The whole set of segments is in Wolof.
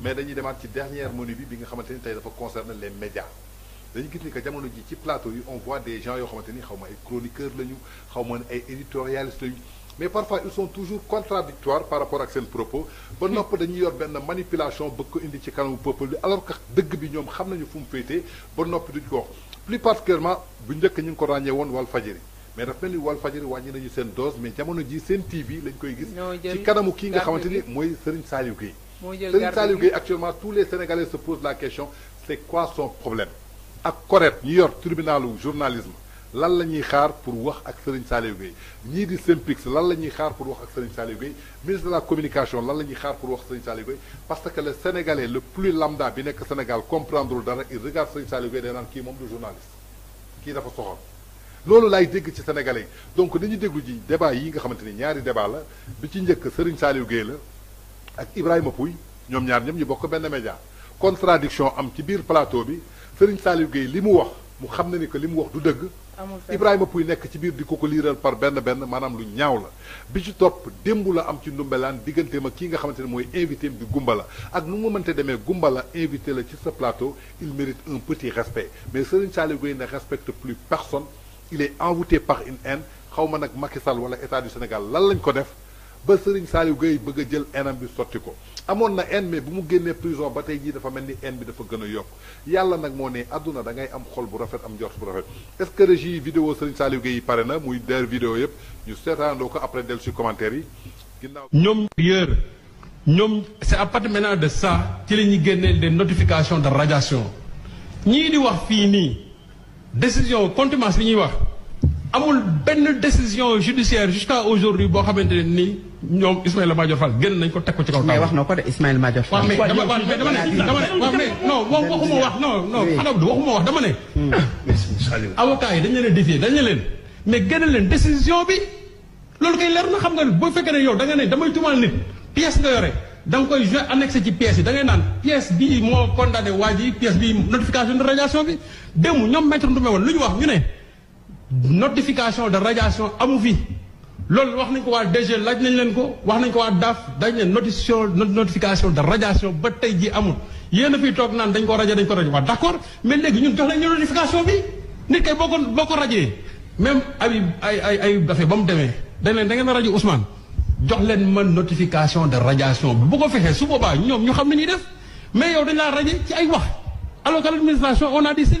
mais dañuy demaat ci dernière menu bi bi nga xamante ni tey dafa concerne les médias dañu gis ni que jamono ji ci plateau yi on voit des gens yoo xamante ni ay chroniqueurs lañu xaw ma ay éditorialistes mais parfois ils sont toujours contradictoires par rapport à seen propos ba nopp dañuy yor benn manipulation bëgg ko indi ci kanamu peuple alors que dëgg bi ñoom xam nañu fu mu féetee ba nopp duñ ko plus particulièrement bu njëkk ñu ko rañé won wal fajiri mais daf mel wal fajiri wàññi nañu sen dose mais jamono ji sen TV lañ koy gis ci kanamu ki nga xamanteni moy c'est Serigne Saliou Gueye Serigne Saliou Gueye actuellement tous les Sénégalais se posent la question c'est quoi son problème ak correct ñu yor tribunal journalisme lan lañuy xaar pour wax ak Serigne Saliou Gueye ñii di Synpics lan lañuy xaar pour wax ak Serigne Saliou Gueye ministre de la communication lan lañuy xaar pour wax Serigne Saliou Gueye parce que le sénégalais le plus lambda bi nekk Sénégal comprendrewul dara il regarde Serigne Saliou Gueye day naan kii moom du journaliste kii dafa soxor loolu laay dégg ci sénégalais yi donc dañuy déglu ji débat yi nga xamante ni ñaari débat la bi ci njëkk Serigne Saliou Gueye la ak Ibrahima Pouy ñoom ñaar ñoom ñu bokk benn média contradiction am ci biir plateau bi Serigne Saliou Gueye li mu wax mu xam na ni que li mu wax du dëgg Ibrahima Pouy nek ci bir di ko ko liiral par ben ben manam lu ñaaw la bi ci top démb la am ci ndumbelaan digganteem ak nga xamantene moy invité bi gumbala. ak nu mu mënte invité la ci ce plateau il mérite un petit respect mais Serigne Sall Gueye ne respecte plus personne il est envoûté par une haine xawma nak Macky Sall wala état du Sénégal lan lañ ko def ba Serigne Saliou Gueye bëgg a jël enam bi sotti ko amoon na en mais bu mu génnee prison ba tey jii dafa melni ni bi dafa gëna yok yalla nak mo moo ne àdduna da ngay am xol bu rafet am njort bu rafet est-ce que régie yi vidéo Serigne Saliou Gueye yi pare na muy der vidéo yëpp ñu seetaandoo ko après del ci commentaire yi ginnaaw ñoom yër ñoom c'est à partir maintenant de ça ci la ñuy génnee des notifications de radiation ñi di wax fi ni décision contumace li ñi wax amul benn décision judiciaire jusqu'à aujourd'hui boo xamante ne nii ñoom Ismaïla Madior Fall génn nañ ko teg ko ci kaw. mais wax na ko de Ismaïla Madior Fall. mais dama ne dama ne non waxuma wax non non Abdou hmm. dañu leen défier dañu leen mais génn leen décision bi loolu kay na xam nga boo fekkee ne yow da nga ne damay tumal nit pièce nga yore da nga ci pièce yi da ngay naan pièce bii moo condamné waa ji pièce bii notification de radiation bi démb ñoom maître Ndoumé woon lu ñu wax ñu ne notification de radiation amu fi. loolu wax nañ ko waa DG laaj nañ leen ko wax nañ ko waa DAF dañ leen notification notification de radiation ba tey jii amul yéen a fiy toog naan dañ ko rajo dañ ko rajo waaw d' accord léegi ñun jox nañ ñu notification bi nit kay boo ko boo ko rajee même ay ay ay ay dafe ba mu demee dañ leen da ngeen a rajo Ousmane jox leen ma notification de radiation bi bu ko fexee su boobaa ñoom ñu xam ni ñuy def mais yow dañ laa raje ci ay wax alors que l' administration on a dit c'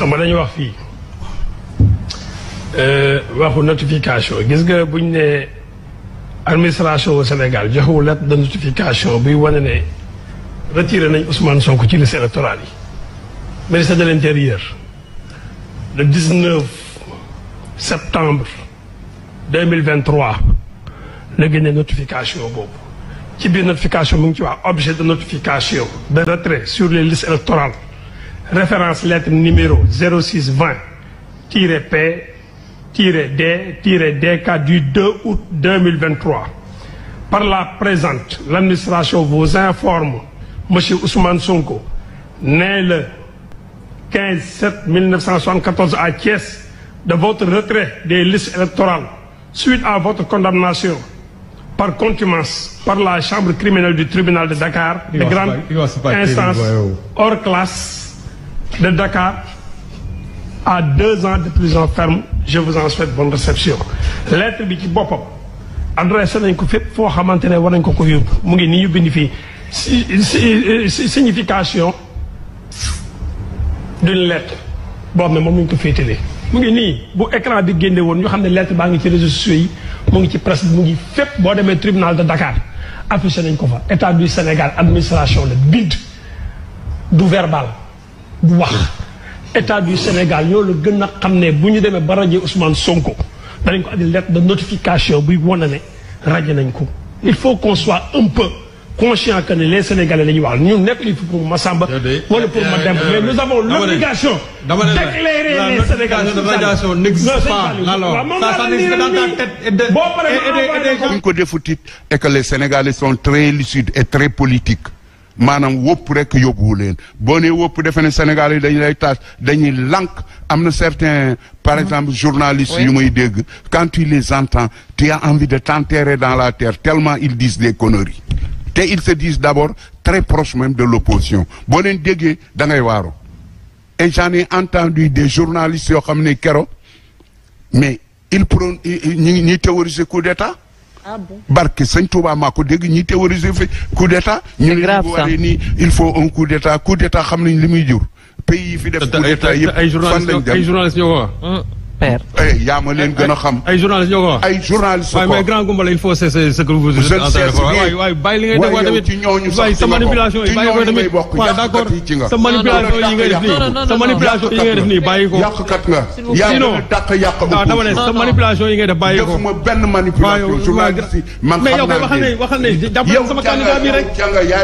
Je nga vous wax fii euh, waxu notification gis nga buñ administration au Sénégal une lettre de notification pour retirer les retiré nañ Ousmane Sonko ci liste électorale ministère de l'intérieur le 19 septembre 2023 la une notification y ci une notification mu est objet de notification de retrait sur les listes électorales référence lettre numéro 0620-P-D-DK du 2 août 2023. Par la présente, l'administration vous informe, M. Ousmane Sonko, né le 15 septembre 1974 à Thiès, de votre retrait des listes électorales suite à votre condamnation par contumance par la chambre criminelle du tribunal de Dakar, de grande instance oh. hors classe de Dakar à deux ans de prison ferme je vous en souhaite bonne réception lettre bi ci boppam adressé nañ ko fépp foo xamante ne war nañ ko ko yóbbu mu ngi nii ñu signification d'une lettre boo xam ne moom la ñu ko féetalee mu ngi nii bu écran bi génne woon ñu lettre baa ngi ci réseaux sociaux yi mu ci presse bi mu ngi fépp tribunal de Dakar affiché nañ ko fa état du Sénégal administration le bind du verbal du wax état du Sénégal ñoo la gën a xam ne bu ñu demee ba rajee Ousmane Sonko danañ ko andi lettre de notification buy wane ne raje nañ ko il faut qu'on soit un peu conscient que les Sénégalais la ñuy wax ñun nekkuñu fi pour Massamba wala pour Mademba mais nous avons l'obligation d'éclairer les Sénégalais radiation n'existe pas alors ça ça n'existe dans ta tête et de et paree ko defutit et que les Sénégalais sont très lucides et très politiques manam wop rek yobou len boo wop defene Sénégal yi les lay tass dañuy lank amna certains par exemple journalistes quand tu les entends tu as envie de t'enterrer dans la terre tellement ils disent des conneries ils se disent d'abord très proches même de l'opposition bo len déggé da ngay et j'en ai entendu des journalistes yo xamné mais ils prônent ñi coup d'état Ah barke sëñ Touba maa ko dégg ñi théoriser fi coup d' état ñu ne bu il faut un coup d' état coup xam nañ li muy jur pays yi fi def coup d' état yëpp fan lañ père. Eh, yaa ma leen gën a xam. ay journaliste ñoo ko wax. ay journaliste ko waaye mais grand Goumba il faut cesser ce que vous dites. waay waay bàyyi li ngay def tamit ci ñooñu sax ci manipulation yi bàyyi ko tamit waaw d'accord sa manipulation yi ngay def nii sa manipulation yi ngay def nii bàyyi ko. yàqkat nga yaa ngi leen dàq yàq bu dama ne sa manipulation yi ngay def bàyyi ko. defuma benn manipulation journaliste yi man xam naa leen mais yow waxal ne jàppale leen sama candidat bi rek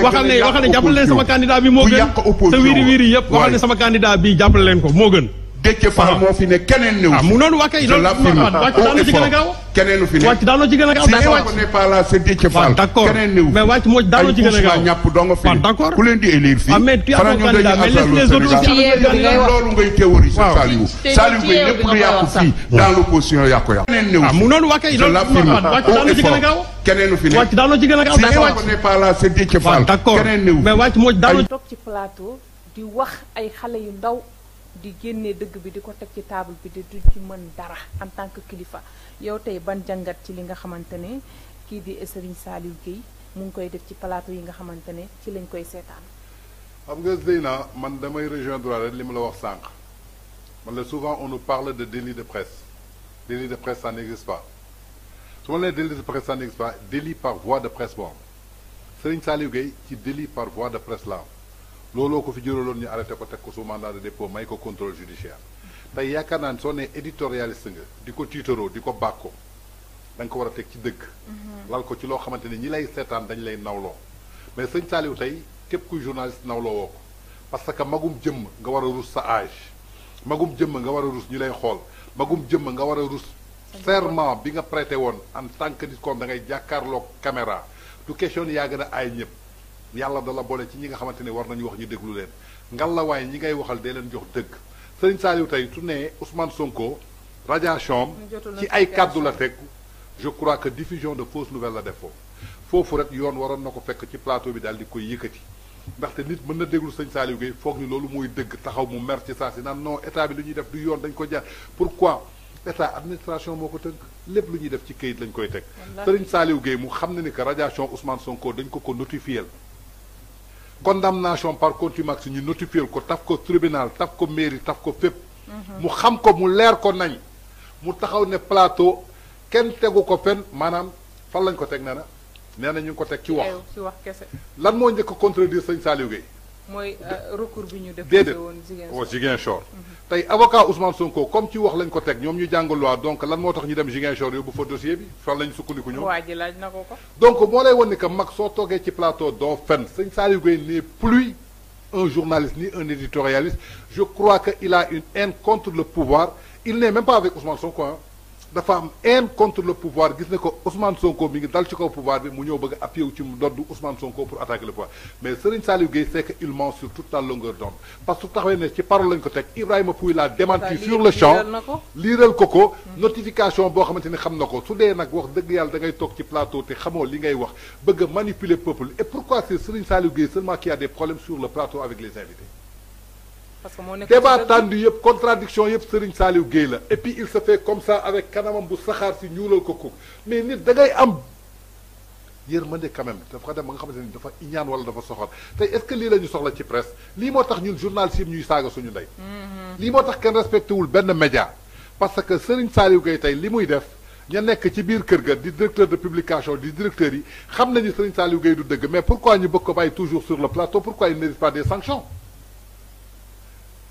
waxal ne waxal ne jàppale leen sama candidat bi moo gën sa wiiri wiiri yëpp waxal ne sama candidat bi jàppale leen ko moo gën Déthié Fall moo fi ne keneen néew. ah mu noonu waa kay loolu wàcc daanu ci gën a gaaw keneen fi ne wàcc daanoo ci gën a gaaw. si Ewa ne pas là c'est Déthié Fall. Ah, d'accord keneen néew mais wàcc moo daanoo ci gën a gaaw ñàpp doo nga fi ne. Ah, d'accord ku leen di élire fii. ah mais tu as un candidat mais les les autres aussi loolu ngay théoriser Saliou Saliou ngay lépp lu yàqu fii dans l'opposition yaa ko yàqu. Ah, keneen néew ah mu noonu waa kay loolu wàcc daanoo ci gën a gaaw. keneen fi ne wàcc daanoo ci gën a gaaw. si Ewa ne pas là c'est Déthié Fall. d'accord keneen néew mais wàcc moo daanoo toog ci plateau di wax ay xale yu ndaw di génnee deug bi di ko teg ci table bi di du ci mën dara en tant que kilifa yow tay ban jangat ci li nga xamantene ki di Serigne Saliou Guèye mu ngi koy def ci plateau yi nga xamantene ci lañ koy sétane xam nga Zeyna man damay rejoindre rek li la wax sànq man la souvent on nous parle de délit de presse délit de presse ça n'existe pas su ma la délit de presse ça n'existe pas délit par voie de presse bon Serigne Saliou Guèye ci délit par voie de presse la am looloo ko fi juraloon ñu arrêté ko teg ko sous mandat de dépôt may ko contrôle judiciaire tey yaakaar naan ne soo nee éditorialiste nga di ko tiitaroo di ko bàkko ko danga ko war a teg ci dëgg. Mhm. lal ko ci loo xamante ni ñi lay seetaan dañ lay nawloo mais sëñ Saliou tey képp kuy journaliste nawloo woo ko parce que magum jëmm nga war a rus sa âge magum jëmm nga war a ruus ñi lay xool magum jëmm nga war a ruus serment bi nga prêté woon en tant que nit kon da ngay jàkkaarloo caméra du question ni yaa gën ñëpp. yàlla dala boole ci ñi nga xamante ne war nañu wax ñu déglu leen ngallaawaay ñi ngay waxal dee leen jox dëgg Serigne Saliou tey su ne Ousmane Sonko radiation ci ay kàddu la teg je crois que diffusion de fausses nouvelles la def foofu foofu rek yoon waroon na ko fekk ci plateau bi daal di koy yëkkati ndaxte nit mën na déglu sëñ Saliou Gueye foog ni loolu mooy dëgg taxaw mu mer ci saa si naan non état bi lu ñuy def du yoon dañ ko jaar pourquoi état administration moo ko tënk lépp lu ñuy def ci këyit lañ koy teg Serigne Saliou Gueye mu xam ne ni que radiation Ousmane Sonko dañ ko ko notifié condamnation par contumace ñu notifier ko taf ko tribunal taf ko mairie taf ko fépp. mu xam ko mu leer ko nañ. mu taxaw ne plateau kenn tegu ko fen maanaam fan lañ ko teg nee na nee na ñu ko teg ci wax. lan moo njëkk a contredire sëñ Saliou Gueye mooy euh, recours bi ñu def. déedéet oh, avocat Ousmane Sonko comme ci wax lañ ko de ñoom ñu loi donc lan moo tax ñu dem Ziguinchor yóbbu fa dossier bi fan lañ de ñoom. donc je lay dire ni que mag soo toogee ci plateau doo C'est sëñ Saliou n'est plus un journaliste ni un éditorialiste je crois que il a une haine contre le pouvoir il n'est même pas avec Ousmane Sonko hein. La am aime contre le pouvoir gis ne ko Ousmane Sonko mi est dans le pouvoir bi mu ñëw bëgg appuyé wu ci Ousmane Sonko pour attaquer le pouvoir mais Serigne Saliou Gueye c'est que il ment sur toute la longueur d'onde parce que tout ne ci parole lañ ko teg Ibrahima Pouye la démenti sur le champ lire le mm-hmm. notification boo xamante dit, xam na ko su dee nag wax dëgg da ngay ci plateau te xamoo li ngay wax bëgg le manipuler peuple et pourquoi c'est Serigne Saliou Gueye seulement qui a des problèmes sur le plateau avec les invités parce que moo nekk débat tendu yëpp contradiction yëpp Serigne Saliou Guèye la et puis il se fait comme ça avec kanamam bu saxar ci ñuulal ko ko mais nit da ngay am yermande quand même dafa dem ba nga xamante ni dafa iñaan wala dafa soxor tey est-ce que li la ñu soxla ci presse li motax ñun journal ci ñuy saga suñu nday mm-hmm. li motax tax kenn respecté wul benn média parce que Serigne Saliou Guèye tay li muy def. ña nekk ci biir kër ga di directeur de publication di directeur yi xam nañu Serigne Saliou Gueye du dëgg mais pourquoi ñu bëgg ko bay toujours sur le plateau pourquoi il n'hérite pas des sanctions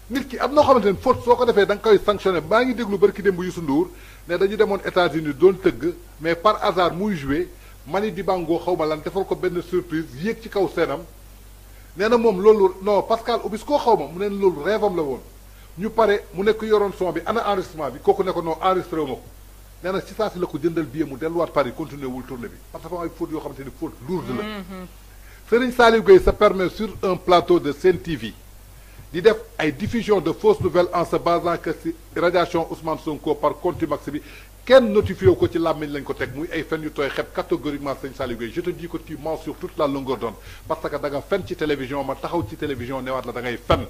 nit ki am noo xamante ne faute soo ko defee da nga koy sanctionné maa ngi déglu barki démb Youssou Ndour ne dañu demoon États-Unis doon tëgg mais par hasard muy joué mani di bangoo xaw ma lan defal ko benn surprise yéeg ci kaw seenam nee na moom loolu non Pascal Obispo koo xaw ma mu neen loolu rêvam la woon ñu pare mu nekk yoroon son bi ana enregistrement bi kooku ne ko non ko nee na ci saa si la ko jëndal billet mu delluwaat Paris continuer wul tournée que dafa am ay faute yoo xamante ni faute lourde la mm-hmm. Serigne de Sen TV di def ay diffusion de fausses nouvelles en se basant que si radiation Ousmane Sonko par contre bi kenn notifié ko ci làmmiñ lañ ko teg muy ay fen yu xeb catégoriquement sëñ Saliou je te dis que tu mens sur toute la longueur d'onde parce que da nga fen ci télévision ma taxaw ci télévision newaat la da ngay fen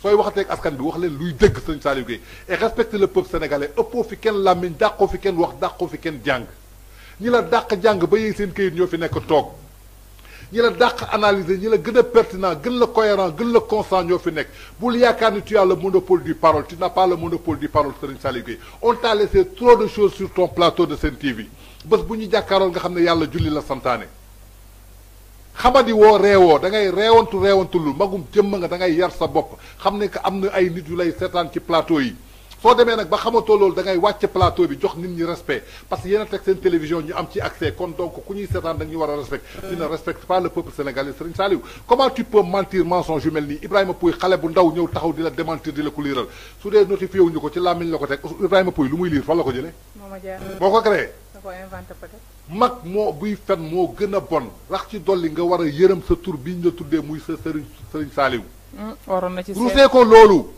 sooy waxatee ak askan bi wax len luy deug seigne Saliou Gueye et respecte le peuple sénégalais ëppoo fi ken lamine dàqoo fi ken wax dàqoo fi ken jang ñi la dàq jang ba yeen seen keuy ñofi nek tok ñi la dàq analyser ñi la gën a pertinent gën la cohérent gën la constant ñoo fi nekk bul yaakaar ni tu as le monopole du parole tu n'as pas le monopole du parole Serigne Saliou Gueye on t'a laissé trop de choses sur ton plateau de Sen TV bés bu ñu jàkkaaroon nga xam ne yàlla julli la santaane xamadi woo reewoo da ngay reewantu reewantu lu magum jëmm nga da ngay yar sa bopp xam ne que am na ay nit yu lay seetaan ci plateau yi soo demee nag ba xamatoo lolou da ngay wacc plateau bi jox nit ñi respect parce que yéen tek sen télévision ñu am ci accès kon donc ku ñuy seetaan da ñu wara respect ñu ne respecte pas le peuple sénégalais Serigne saliw comment tu peux mentir mensonge jumel ni Ibrahima Pouy xalé bu ndaw ñëw taxaw dila démentir dila la ku su dee notifié wuñu ko ci lamine lako tek Ibrahima Pouy lu muy lire liir fan la boko jëlee da ko inventer peut-être mak mo buy fen mo gëna a bon rax ci dolli nga wara yërem sa tour biñ la tuddé muy sa Serigne Serigne hmm, ci rusee ko lolou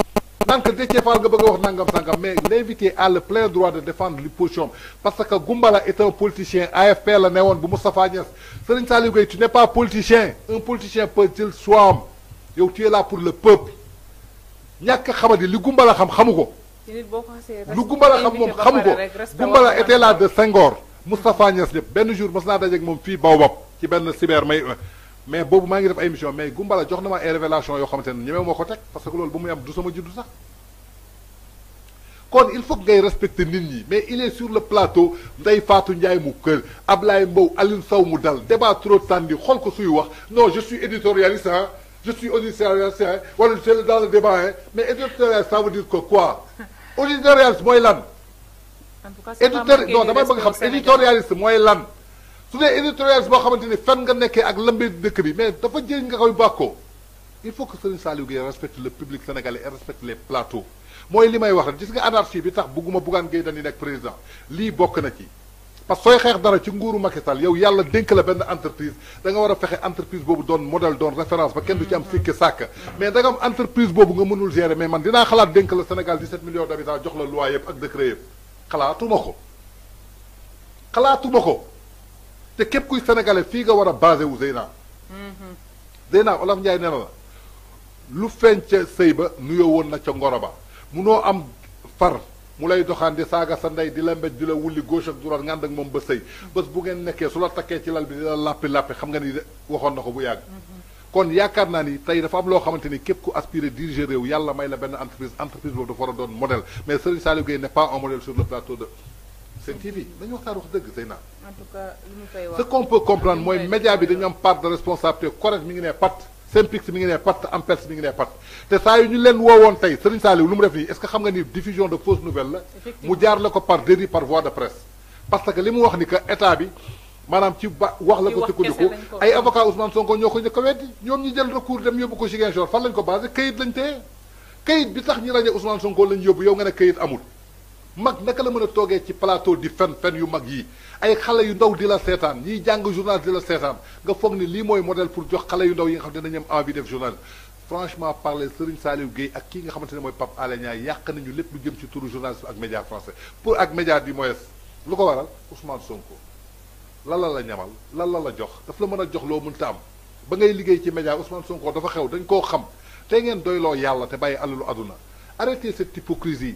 tant que Déthié Fall nga bëgg a wax nangam mais l'invité a le plein droit de défendre les positions parce que Goumbala est un politicien AFP la ne woon bu Moustapha Niass Serigne Saliou Gueye tu n'es pas politicien un politicien peut il soit yow tu es là pour le peuple ñàkk xamadi li Goumbala xam xamu ko lu Goumbala xam moom xamu Goumbala était là de Senghor Moustapha Niass ñëpp jour mos naa dajeeg moom fii Baobab ci benn cyber may mais bobu maa ngi def ay émission mais Gumbala jox na ma ay révélation yoo xamante ne ñemewu ma teg parce que loolu bu muy am du sama jiddu sax kon il faut que ngay respecter nit ñi mais il est sur le plateau Ndeye Fatou Ndiaye mu kër Ablaye Mbow Alioune Sow mu dal débat trop tandi xol ko suy wax non je suis éditorialiste hein je suis auditorialiste hein wala c'est dans le débat hein mais éditorialiste ça veut dire que quoi auditorialiste mooy lan. en tout cas non damay bëgg xam éditorialiste mooy lan. su dee éditorialiste boo xamante ni fen nga nekkee ak lëmbee dëkk bi mais dafa jëriñ nga koy bàkkoo il faut que Serigne Saliou Gueye respecte le public sénégalais et respecte les plateaux mooy li may wax rek gis nga anarchie bi tax bugguma Bougane Gueye Dany nekk président lii bokk na ci parce que sooy xeex dara ci nguuru Macky Sall yow yàlla dénk la benn entreprise da nga war a fexe entreprise boobu doon modèle doon référence ba kenn du ci am sikki sàkk mais da nga am entreprise boobu nga mënul gérer mais man dinaa xalaat dénk la Sénégal 17 millions d'habitants jox la loi yëpp ak décret yëpp xalaatuma ko xalaatuma ko te képp kuy senegale fii nga war a basé wu Zeyna. Mhm. Zeyna Olaf Ndiaye nee na la lu feeñ ca sëy ba nuyoo woon na ca ngoro ba noo am far mu lay doxaan di saaga sa ndey di la mbéj di la wulli gauche ak droite nga ànd ak moom ba sëy mhm. bu ngeen nekkee su la takkee ci lal bi di la làppi làppi xam nga ni waxoon na ko bu yàgg. Mhm. kon yaakaar naa ni tey dafa am loo xamante ni képp ku aspiré diriger réew yàlla may la benn entreprise entreprise boobu dafa war a doon modèle mais Serigne Saliou Gueye n'est pas seen TV dañu waxtaan wax dëgg Seyna. en tout cas lu ñu wax. ce qu'on peut comprendre mooy média bi dañu am part de responsabilité correct mi ngi nee pat Synpics mingi ngi nee pat Ampers mi ngi pat te saa yu ñu leen woowoon tey Serigne Saliou lu mu def nii est-ce que xam nga ni diffusion de fausse nouvelle la. mu jaar la ko par délit par voie de presse. parce que li mu wax ni que état bi maanaam ci wax la ko sukkandiku ay avocat Ousmane Sonko ñoo ko njëkk a weddi ñoom ñu jël recours dem yóbbu ko Ziguinchor fan lañ ko basé kayit lañ téye kayit bi tax ñu rajo Ousmane Sonko lañ yóbbu yow nga ne kayit amul mag naka la mën a toogee ci plateau di fen fen yu mag yi ay xale yu ndaw di la seetaan ñiy jàng journal di la seetaan nga foog ni lii mooy model pour jox xale yu ndaw yi nga xam ne dinañ am envie def journal franchement parler Serigne Saliou Gueye ak kii nga xamante ne mooy Pape Alé Niang yàq nañu lépp lu jëm ci turu journaliste ak média français pour ak média du moyes lu ko waral Ousmane Sonko lan la la ñamal lan la la jox daf la mën a jox loo mënta am ba ngay liggéey ci média Ousmane Sonko dafa xew dañ koo xam tey ngeen doyloo yàlla te bàyyi alalu àdduna arrêtez cette hypocrisie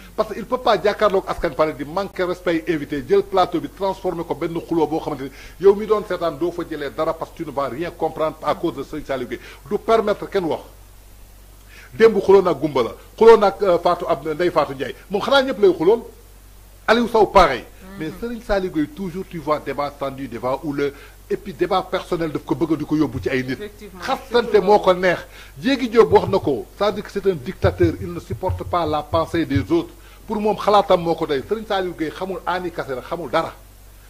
parce il peut pas jàkkaarloog askan parler de manquer respect invité jël plateau bi transformer ko benn xuloo boo xamante ni yow mi doon seetaan doo fa jëlee dara parce que tu ne vas rien comprendre à cause de Serigne Saliou Gueye permettre kenn wax démb xuloon ak Gumba la xuloon ak euh, Fatou ab Ndeye Fatou Ndiaye moom xanaa ñëpp lay xuloon ça Sow pareil mm-hmm. mais Serigne Saliou toujours tu vois débat tendu débat houleux et puis débat personnel de ko bëgg di ko yóbbu ci ay nit xastante moo neex wax c'est-à-dire que c'est un dictateur il ne supporte pas la pensée des autres pour moom xalaatam moo ko doy Serigne Saliou gay xamul Ani Kassé la xamul dara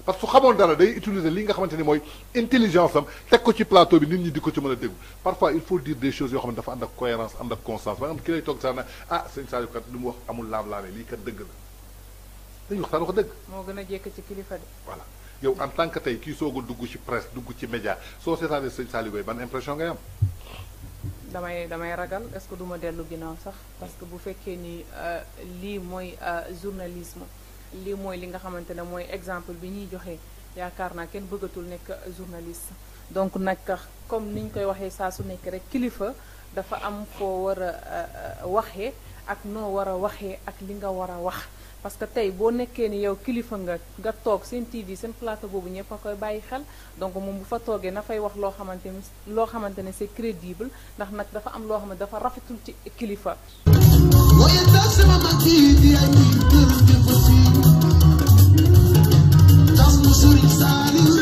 parce que su xamoon dara day utiliser li nga xamante ni mooy intelligence am teg ko ci plateau bi nit ñi di ko ci mën a déglu parfois il faut dire des choses yoo xam ne dafa ànd ak cohérence ànd ak constance maanaam ki lay toog sax na ah Serigne Saliou kat lu mu wax amul laam-laame lii kat dëgg la dañ wax sax wax dëgg. moo gën a jékki ci kilifa de. voilà yow en tant que tey kii soog a dugg ci presse dugg ci média soo seetaanee Serigne Saliou gay ban impression ngay am. damay damay ragal est-ce que duma dellu ginnaaw sax parce que bu fekkee ni euh, lii mooy euh, journalisme lii mooy li nga xamante ne mooy exemple bi ñuy joxee yaakaar naa kenn bëggatul nekk journaliste donc nag comme niñ koy waxee saa su nekk rek kilifa dafa am koo war a euh, waxee ak noo war a waxee ak li nga war a wax parce que tay bo nekké ni yow kilifa nga ga tok sen TV sen plateau bobu ñëpp akoy bàyyi xel donc mom bu fa toogee na fay wax lo xamanteni ni loo c'est crédible ndax nak dafa am lo xamanteni dafa rafetul ci kilifa. Salut